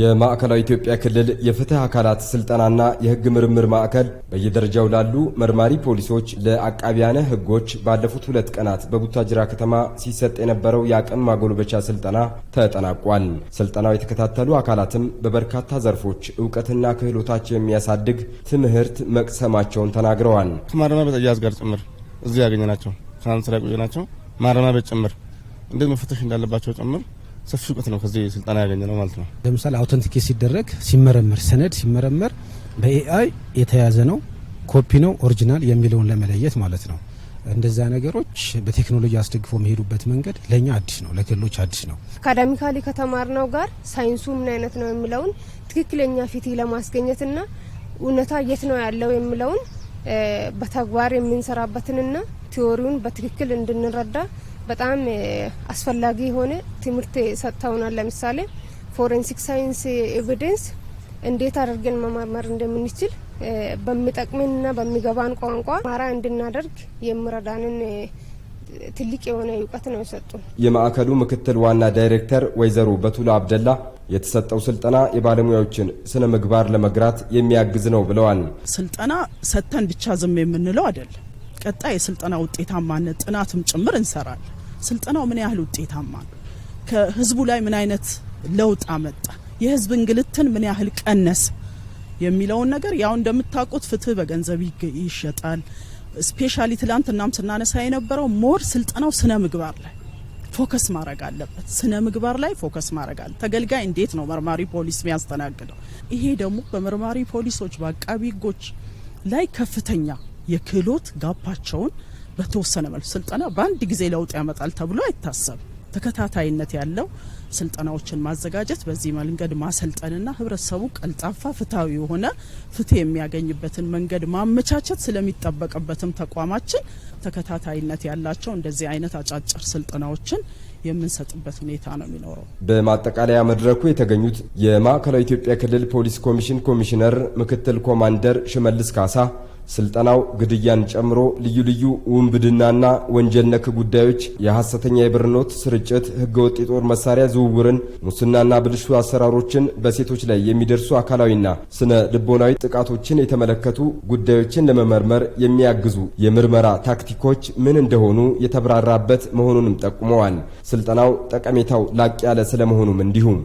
የማዕከላዊ ኢትዮጵያ ክልል የፍትህ አካላት ስልጠናና የህግ ምርምር ማዕከል በየደረጃው ላሉ መርማሪ ፖሊሶች ለአቃቢያነ ህጎች ባለፉት ሁለት ቀናት በቡታጅራ ከተማ ሲሰጥ የነበረው የአቅም ማጎልበቻ ስልጠና ተጠናቋል። ስልጠናው የተከታተሉ አካላትም በበርካታ ዘርፎች እውቀትና ክህሎታቸው የሚያሳድግ ትምህርት መቅሰማቸውን ተናግረዋል። ከማረሚያ ቤት አያያዝ ጋር ጭምር ያገኘ ናቸው። ትናንት ስራ ያቆየናቸው ማረሚያ ቤት ጭምር እንዴት መፈተሽ እንዳለባቸው ጭምር ሰፊ እውቀት ነው ከዚህ ስልጠና ያገኘ ነው ማለት ነው። ለምሳሌ አውተንቲኬት ሲደረግ ሲመረመር ሰነድ ሲመረመር በኤአይ የተያዘ ነው ኮፒ ነው ኦሪጂናል የሚለውን ለመለየት ማለት ነው። እንደዛ ነገሮች በቴክኖሎጂ አስደግፎ የሚሄዱበት መንገድ ለእኛ አዲስ ነው፣ ለክልሎች አዲስ ነው። አካዳሚካሊ ከተማርነው ጋር ሳይንሱ ምን አይነት ነው የሚለውን ትክክለኛ ፊት ለማስገኘትና እውነታ የት ነው ያለው የሚለውን በተግባር የምንሰራበትንና ቲዎሪውን በትክክል እንድንረዳ በጣም አስፈላጊ የሆነ ትምህርት ሰጥተውናል። ለምሳሌ ፎረንሲክ ሳይንስ ኤቪደንስ እንዴት አድርገን መመርመር እንደምንችል በሚጠቅምንና በሚገባን ቋንቋ ማራ እንድናደርግ የምረዳንን ትልቅ የሆነ እውቀት ነው የሰጡ። የማዕከሉ ምክትል ዋና ዳይሬክተር ወይዘሮ በቱላ አብደላ የተሰጠው ስልጠና የባለሙያዎችን ስነ ምግባር ለመግራት የሚያግዝ ነው ብለዋል። ስልጠና ሰጥተን ብቻ ዝም የምንለው አይደለም። ቀጣይ የስልጠና ውጤታማነት ጥናትም ጭምር እንሰራለን። ስልጠናው ምን ያህል ውጤታማ ነው፣ ከህዝቡ ላይ ምን አይነት ለውጥ አመጣ፣ የህዝብ እንግልትን ምን ያህል ቀነሰ የሚለውን ነገር ያው እንደምታውቁት ፍትህ በገንዘብ ይሸጣል። ስፔሻሊ ትላንት እናም ስናነሳ የነበረው ሞር ስልጠናው ስነ ምግባር ላይ ፎከስ ማድረግ አለበት። ስነ ምግባር ላይ ፎከስ ማድረግ አለ። ተገልጋይ እንዴት ነው መርማሪ ፖሊስ የሚያስተናግደው? ይሄ ደግሞ በመርማሪ ፖሊሶች በአቃቢ ህጎች ላይ ከፍተኛ የክህሎት ጋፓቸውን በተወሰነ መልኩ ስልጠና በአንድ ጊዜ ለውጥ ያመጣል ተብሎ አይታሰብ። ተከታታይነት ያለው ስልጠናዎችን ማዘጋጀት፣ በዚህ መንገድ ማሰልጠንና ህብረተሰቡ ቀልጣፋ፣ ፍትሐዊ የሆነ ፍትህ የሚያገኝበትን መንገድ ማመቻቸት ስለሚጠበቅበትም ተቋማችን ተከታታይነት ያላቸው እንደዚህ አይነት አጫጭር ስልጠናዎችን የምንሰጥበት ሁኔታ ነው የሚኖረው። በማጠቃለያ መድረኩ የተገኙት የማዕከላዊ ኢትዮጵያ ክልል ፖሊስ ኮሚሽን ኮሚሽነር ምክትል ኮማንደር ሽመልስ ካሳ ስልጠናው ግድያን ጨምሮ ልዩ ልዩ ውንብድናና ወንጀል ነክ ጉዳዮች፣ የሐሰተኛ የብር ኖት ስርጭት፣ ህገወጥ የጦር መሳሪያ ዝውውርን፣ ሙስናና ብልሹ አሰራሮችን፣ በሴቶች ላይ የሚደርሱ አካላዊና ስነ ልቦናዊ ጥቃቶችን የተመለከቱ ጉዳዮችን ለመመርመር የሚያግዙ የምርመራ ታክቲኮች ምን እንደሆኑ የተብራራበት መሆኑንም ጠቁመዋል። ስልጠናው ጠቀሜታው ላቅ ያለ ስለመሆኑም እንዲሁም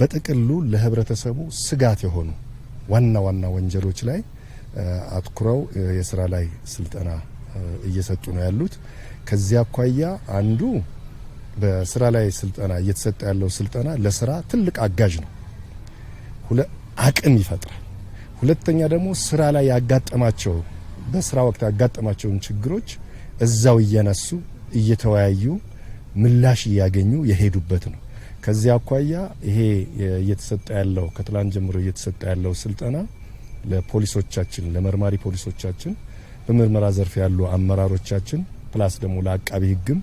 በጥቅሉ ለህብረተሰቡ ስጋት የሆኑ ዋና ዋና ወንጀሎች ላይ አትኩረው የስራ ላይ ስልጠና እየሰጡ ነው ያሉት። ከዚያ አኳያ አንዱ በስራ ላይ ስልጠና እየተሰጠ ያለው ስልጠና ለስራ ትልቅ አጋዥ ነው፣ አቅም ይፈጥራል። ሁለተኛ ደግሞ ስራ ላይ ያጋጠማቸው በስራ ወቅት ያጋጠማቸውን ችግሮች እዛው እያነሱ እየተወያዩ ምላሽ እያገኙ የሄዱበት ነው። ከዚያ አኳያ ይሄ እየተሰጠ ያለው ከትላንት ጀምሮ እየተሰጠ ያለው ስልጠና ለፖሊሶቻችን ለመርማሪ ፖሊሶቻችን በምርመራ ዘርፍ ያሉ አመራሮቻችን ፕላስ ደግሞ ለአቃቢ ሕግም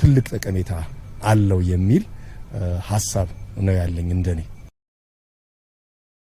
ትልቅ ጠቀሜታ አለው የሚል ሀሳብ ነው ያለኝ እንደኔ።